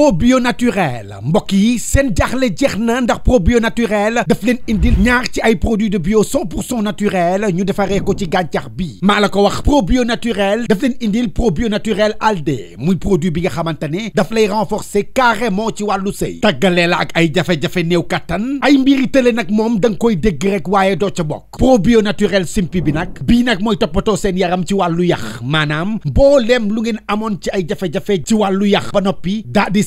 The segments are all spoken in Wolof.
probio naturel mbokk yi seen jaaxle jeex ndax probio naturel daf leen indil ñaar ci ay produits de bio 100 naturel ñu defaree ko ci gàncax bi naturel daf leen indil probio naturel alde muy produit bi nga xamantane daf lay renforcer carrément ci walu sey tagalé la ak ay jafé jafé new katan ay mbiri télé nag mom dang koy dégg rek probio naturel simpi bi nak bi nak moy topato seen yaram ci wàllu yax bo lem lu ngeen amone ci ay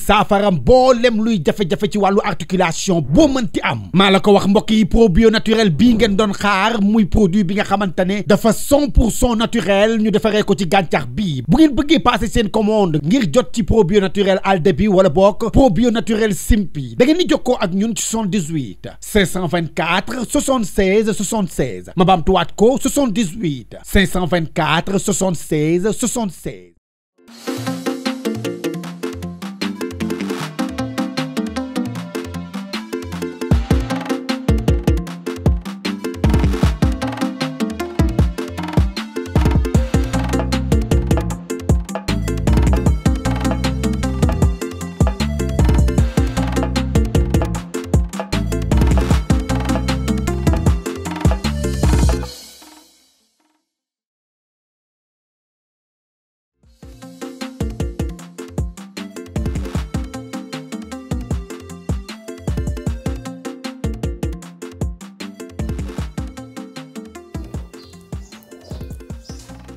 saafara mboolem luy jafé jafé ci walu articulation boo mënti am malako wax mbok yi probio naturel bi ngeen don xaar muy produit bi nga xamantane de dafa 100 pour naturel ñu defaree ko ci gàncax bi bu ngeen bëggé passer seen commande ngir jot ci probio naturel al début wala bokk probio naturel simpi da ngeen di jokkoo ak ñun ci 78 524 76 76 ma baamtuwaat ko 78 524 76 76.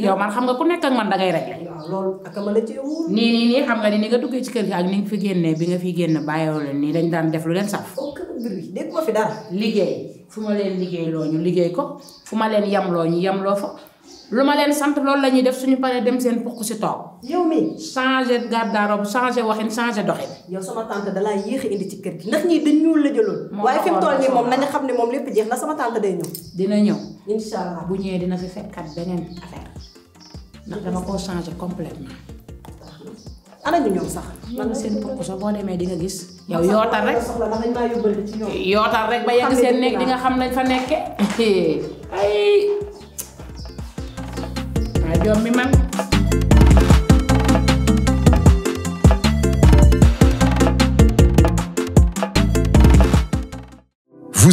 yow man xam nga ku nekk ak man dangay rek nii nii nii xam nga ni ni nga duggee ci kër gi ak ni nga fi génnee bi nga fi génn bàyyoo leen nii dañ daan def lu leen saf liggéey fu ma leen liggéey loo ñu liggéey ko fu ma leen yamloo ñu loo fa luma len leen sant loolu la def suñu paré dem sen pokku ci tok yow mi changé garde-robe changer waxin changer doxé yow sama tante da la yéx indi ci kër gi ndax ñi dañ ñuul la jëlul waye fim mu toll nii moom nañu xamni mom lepp jeex na sama tante day ñew dina ñew inshallah bu ñewé dina fi fekkat benen affaire ndax dama ko changer complètement. ana ñu ñoom sax. man seen pokku so bo démé di nga gis. yow yootal rek yootal rek ba yegg seen nek di nga xam nañ fa nekké ay yo misma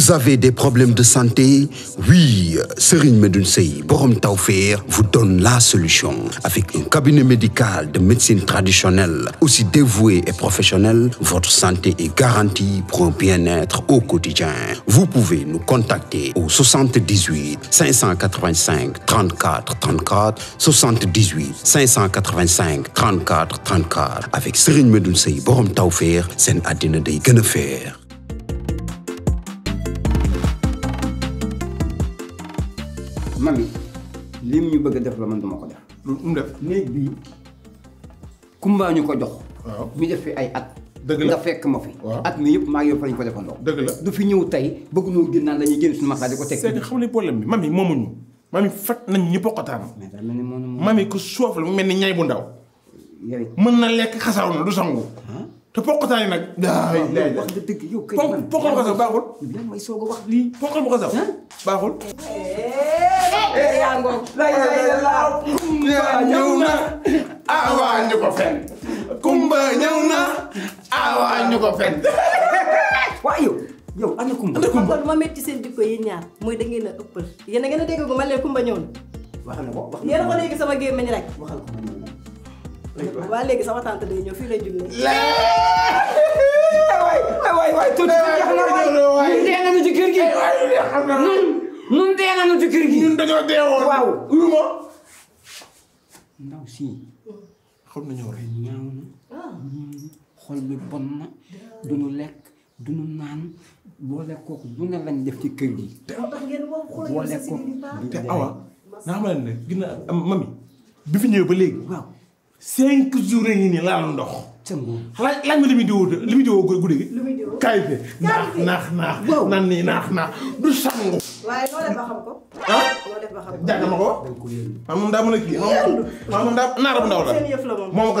Vous avez des problèmes de santé Oui, Serigne Medunsei Borom Taufer, vous donne la solution. Avec un cabinet médical de médecine traditionnelle aussi dévoué et professionnel, votre santé est garantie pour un bien-être au quotidien. Vous pouvez nous contacter au 78 585 34 34 78 585 34 34 avec Serigne Medunsei Borom Taufer, c'est mami lim ñu bëgg def la man dama ko def. mu def néeg ko jox. waaw mi def fi at. dëgg la fekk ma fi. at mi yëpp maa ngi fa lañ ko defandoo. dëgg la du fi ñëw tey bëgg noo génn naan dañuy génn suñu masaay di ko teg. ne problème bi mami moomuñu mami fat nañ ñu bokkataan. mais daal mel mami ku soof la mu mel ni ñay bu ndaw. mën na lekk xasaw na du sangu. te poqotaan yi nag. daa ah, lay wax nga dëgg yow. kay man poqal ko sax baaxul. yow may soog a wax lii. poqal ko sax baaxul. Eh, eh, yaa ngoog. lay lay laaw. kumba ñëw na. awaa ah, ñu ko fen. kumba ñëw na. awaa ah, ñu ko fen. waaw yow. yow ana kumba. ana kumba ma metti seen jikko yi ñaar mooy da ngeen a ëppal. yéen a ngeen a dégg gu ma leen kumba ñëw na. wax na ko wax na ko yéen a ko dégg sama gémmiñ rek. waxal ko waa léegi sama tante day ñëw fii lay jullee. waay waay waay tuuti jeex na waay ñun dee gi. ñun ñun rek ñaaw na. Ah. xol bi bon na. duñu lekk duñu naan. boole kooku du ne lañ def ci kër gi. te awa naa xamal ne gis naa mami bi fi ñëwee ba léegi cinq jours yi nii laa doon ndox. laaj laaj ma li muy diwoo li muy diwoo guddi gi. li muy diwoo qualité. qualité naax naax naax. nan nii naax naax du sangu. ko. ah loo def ba ma ko. daa mën a kii moom moom daa naara bu ndaw la moom ko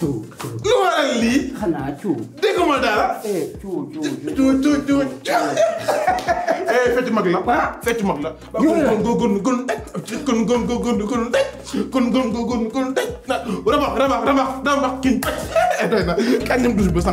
cuu cuu Tu. Tu. Tu. Tu. la ah Tu. mag la. yooyu Tu. kon kon Tu. kon Tu. kon Tu. Tu. kin. na Tu. ba Tu.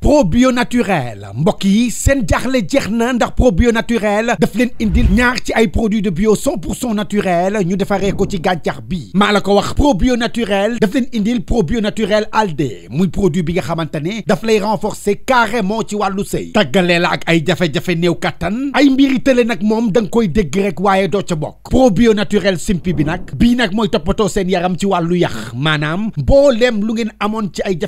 probio naturel Mboki, yi seen jaaxle bio ndax naturel daf leen indil ñaar ci ay produits de bio 100 naturel ñu defaree ko ci gàncax bi maa ko wax probio naturel daf leen indil probio naturel alde muy produit bi nga xamantane daf lay renforcer carrément ci walu sey tagalé la ak ay jafé jafé new katan ay mbiri télé nak mom dang koy dégg rek probio naturel simpi bi binak moi nak moy topato sen yaram ci walu yax manam bolem lu ngeen amone ci ay ci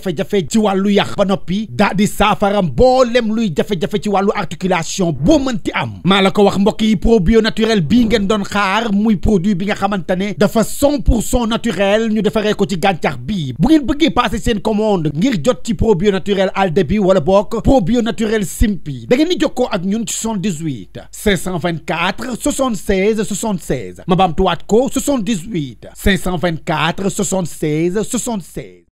di saafaram mboolem luy jafé jafé ci walu articulation boo ti am malako wax mbok yi probio naturel bi ngeen don xaar muy produit bi nga xamantane dafa 100 naturel ñu defaree ko ci gàncax bi bu ngeen bëggé passer seen commande ngir jot ci probio naturel al début wala bokk probio naturel simpi da ngeen di jokkoo ak ñun ci 78 524 76 76 ma baamtuwaat ko 78 524 76 76